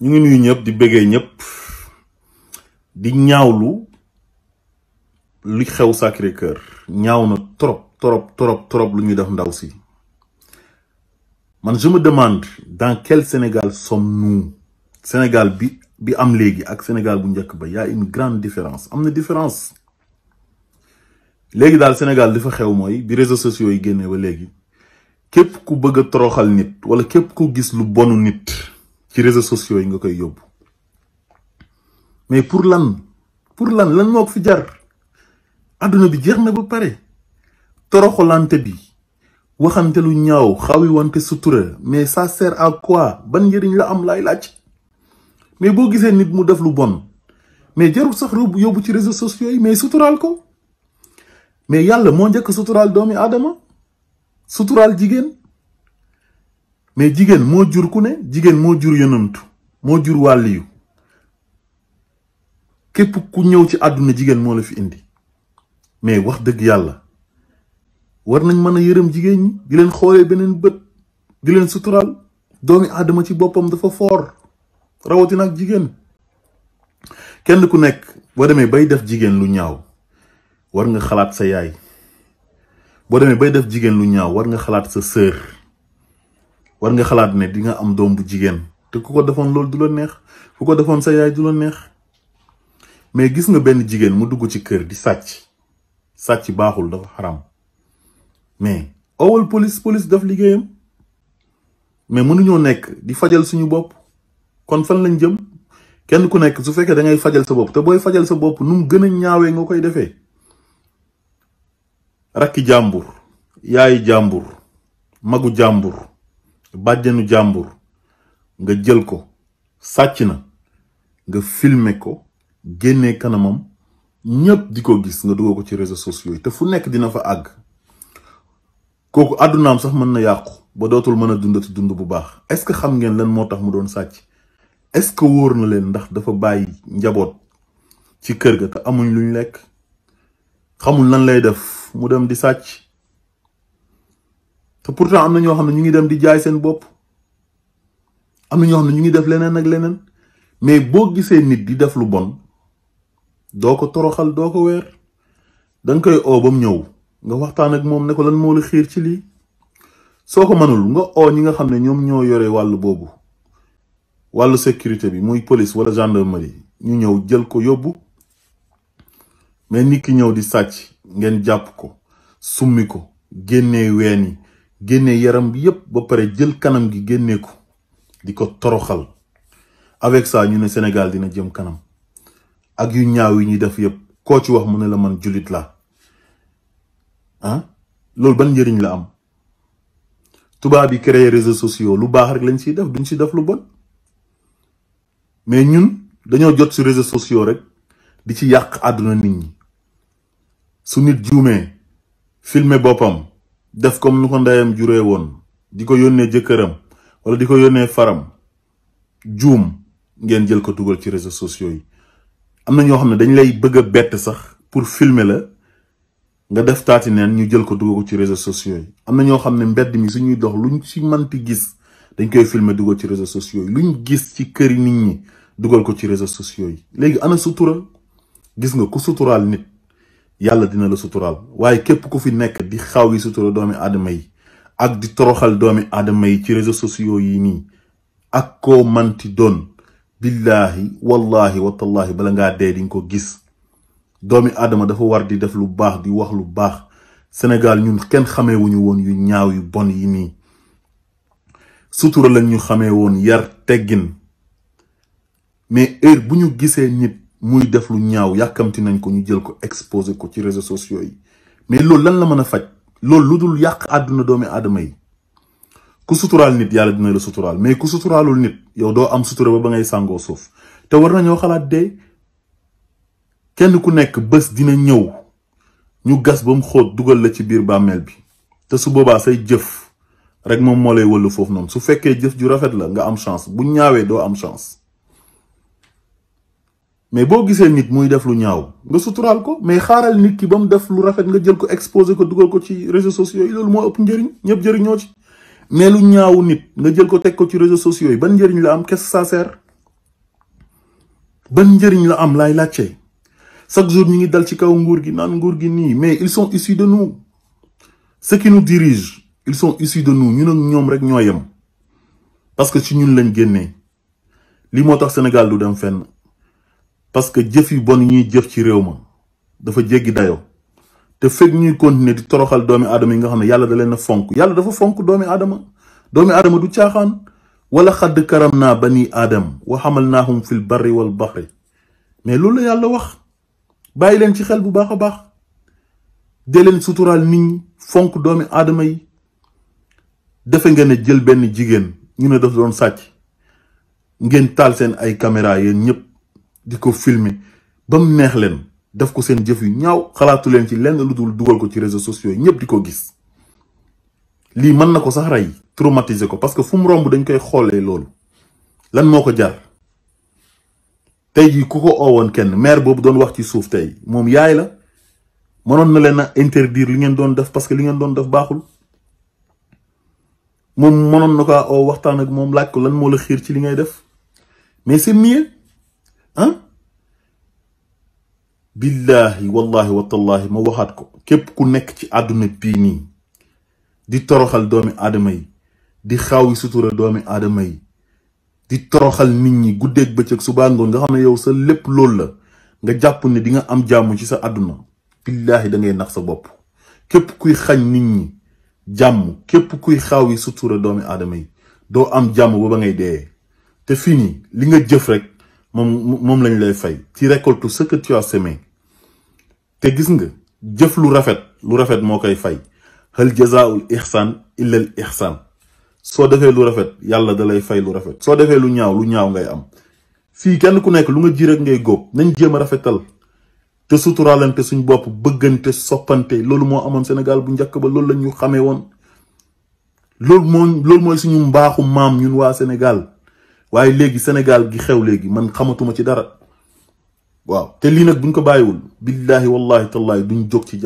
ñu ngi nuyu ñëpp di bëggee ñëpp di ñaawlu lu xew Sacré Cœur ñaaw na trop trop trop trop lu ñuy def ndaw si man je demande dans quel Sénégal sommes-nous Sénégal bi bi am léegi ak Sénégal bu njëkk ba yaa une grande différence am na différence léegi daal Sénégal li fa xew mooy bi réseaux sociaux yi génnee ba léegi képp ku bëgg a toroxal nit wala képp ku gis lu bonu nit ci réseau sociaux yi nga koy yóbbu mais pour lan pour lan lan moo ko fi jar àdduna bi jeex na ba pare toroxolante bi waxante lu ñaaw xawi wante sutura mais sa sert à quoi ban njëriñ la am laay laaj mais boo gisee nit mu def lu bon mais jarul sax yóbbu ci réseaux sociaux yi mais suturaal ko mais yàlla moo njëkk suturaal doomi aadama suturaal jigéen mais jigéen moo jur ku ne jigéen moo jur yonantu moo jur yu képp ku ñëw ci àdduna jigéen moo la fi indi mais wax dëgg yàlla war nañ mën a yërëm jigéen ñi di leen xoolee beneen bët di leen suturaal doomi aadama ci boppam dafa foor rawatina ak jigéen kenn ku nekk boo demee bay def jigéen lu ñaaw war nga xalaat sa yaay boo demee bay def jigéen lu ñaaw war nga xalaat sa sœur war nga xalaat ne di nga am doom bu jigéen te ku ko defoon loolu du la neex ku ko defoon sa yaay du la neex mais gis nga benn jigéen mu dugg ci kër di sàcc sàcc baaxul dafa xaram mais owal police police daf liggéeyam mais mënuñoo nekk di fajal suñu bopp kon fan lañ jëm kenn ku nekk su fekkee da ngay fajal sa bopp te booy fajal sa bopp nu mu gën a ñaawee ngoo koy defee rakki jàmbur yaay jàmbur magu jàmbur bàjjanu jàmbur nga jël ko sàcc na nga filmer ko génne kanamam ñépp di ko gis nga dugal ko ci réseau sociaux yi te fu nekk dina fa àgg kooku àddunaam sax mën na yàqu ba dootul mën a dundati dund bu baax est-ce que xam ngeen lan moo tax mu doon sàcc est-ce que wóor na leen ndax dafa bàyyi njaboot ci kër ga te amuñ luñ lekk xamul lan lay def mu dem di sàcc te pourtant am na ñoo xam ne ñu ngi dem di jaay seen bopp am na ñoo ñu ngi def leneen ak leneen mais boo gisee nit di def lu bon doo ko toroxal doo ko weer danga koy oo ñëw nga waxtaan ak moom ne ko lan moo la xiir ci lii soo ko mënul nga oo ñi nga xam ne ñoom ñoo yore wàllu boobu wàllu sécurité bi muy police wala gendarmerie ñu ñëw jël ko yóbbu mais nit ki ñëw di sàcc ngeen jàpp ko summi ko génne ween yi génne yaram bi yépp ba pare jël kanam gi génne ko di ko toroxal avec ça ñu ne Sénégal dina jëm kanam ak yu ñaaw yi ñuy def yépp koo ci wax mu ne la man jullit la ah loolu ban njëriñ la am tubaab yi créer réseaux sociaux lu baax rek lañ ciy def duñ si def lu bon mais ñun dañoo jot si réseau sociaux rek di ci yàq àdduna nit ñi su nit juumee filmer boppam def comme nu ko ndeyam juree woon di ko yónnee jëkkëram wala di ko yónnee faram juum ngeen jël ko dugal ci réseau sociaux yi am na ñoo xam ne dañ lay bëgg a bett sax pour filmer la nga def taati neen ñu jël ko dugal ci réseaux sociaux yi am na ñoo xam ne mbedd mi suñuy dox luñ ci manti gis dañ koy filmer dugal ci réseaux sociaux yi lu ñu gis ci kër nit ñi dugal ko ci réseau sociaux yi léegi ana sutural gis nga ku suturaal nit yàlla dina la suturaal waaye képp ku fi nekk di xaw yi sutura doomi aadama yi ak di toroxal doomi aadama yi ci réseaux sociaux yi nii ak koo manti doon billaahi wallaahi watallaahi bala ngaa dee di nga ko gis doomi aadama dafa war di def lu baax di wax lu baax Sénégal ñun kenn xamee wuñu woon yu ñaaw yu bon yi nii sutura lañ ñu xamee woon yar teggin mais heure bu ñu gisee nit muy def lu ñaaw yàkkamti nañ ko ñu jël ko exposé ko ci réseau sociaux yi mais loolu lan la mën a faj loolu lu dul yàq àdduna doomi aadama yi ku suturaal nit yàlla dina la suturaal mais ku suturaalul nit yow doo am sutura ba ba ngay sàngoo suuf te war nañoo xalaat de kenn ku nekk bés dina ñëw ñu gas ba mu xóot dugal la ci biir bàmmeel bi te su boobaa say jëf rek moom moo lay wëllu foofu noonu su fekkee jëf ju rafet la nga am chance bu ñaawee doo am chance mais boo gisee nit muy def lu ñaaw nga suturaal ko mais xaaral nit ki ba mu def lu rafet nga jël ko exposé ko dugal ko ci réseaux sociaux yi loolu moo ëpp njëriñ ñëpp jëriñoo ci mais lu ñaaw nit nga jël ko teg ko ci réseaux sociaux yi ban la am que ça sert ban njëriñ la am laay laajte chaque jour ñu ngi dal ci kaw nguur gi naan nguur gi nii mais ils sont issus de nous ceux qui nous dirigent ils sont issus de nous ñun ak ñoom rek ñoo yem parce que ci ñun lañ génnee li moo tax Sénégal du dem fenn. parce que jëf yi bon ñuy jëf ci réew ma dafa jéggi dayoo te fekk ñuy continuer di toroxal doomi aadama yi nga xam ne yàlla da leen a fonk yàlla dafa fonk doomi aadama doomi aadama du caaxaan wala xadd karam naa ba bani aadam wa hamalnaahum fil barri wal bahri mais loolu la yàlla wax bàyyi leen ci xel bu baax a baax dee leen suturaal nit fonk doomi aadama yi defe ngeen jël benn jigéen ñu ne daf doon sàcc ngeen taal seen ay caméra yéen ñëpp di ko filmer ba mu neex leen def ko seen jëf yu ñaaw xalaatu leen ci lenn lu dul dugal ko ci réseau sociaux yi ñëpp di ko gis lii mën na ko sax rey traumatiser ko parce que fu mu romb dañ koy xoolee loolu lan moo ko jar tey jii ku ko oowoon kenn maire boobu doon wax ci suuf tey moom yaay la noon na leen a interdire li ngeen doon def parce que li ngeen doon def baaxul moom mënoon na ko oo waxtaan ak moom laaj ko lan moo la xiir ci li ngay def mais c'est ah billaahi wallahi watallaahi ma waxaat ko képp ku nekk ci àdduna bii nii di toroxal doomi aadama yi di xaawi sutura doomi aadama yi di toroxal nit ñi guddeeg bëccëg subaa ngoon nga xam ne yow sa lépp loolu la nga jàpp ni di nga am jàmm ci sa àdduna billaahi da ngay nax sa bopp képp kuy xañ nit ñi jàmm képp kuy xaw xaawi sutura doomi aadama yi doo am jàmm ba ba ngay dee te fii nii li nga jëf rek moom moom lañ lay fay ci récolte ce que tu te gis nga jëf lu rafet lu rafet moo koy fay hal jazaul ihsan illal ihsan soo defee lu rafet yàlla da lay fay lu rafet soo defee lu ñaaw lu ñaaw ngay am fii kenn ku nekk lu nga ji rek ngay góob nañ jéem a rafetal te suturaalante suñ bopp bëggante soppante loolu moo amoon Sénégal bu njëkk ba loolu lañu xamee woon loolu mooy suñu mbaaxu maam ñun waa Sénégal waaye léegi Sénégal gi xew léegi man xamatuma ci dara waaw te lii nag buñ ko bàyyiwul billaahi wallahi tallahi duñ jóg ci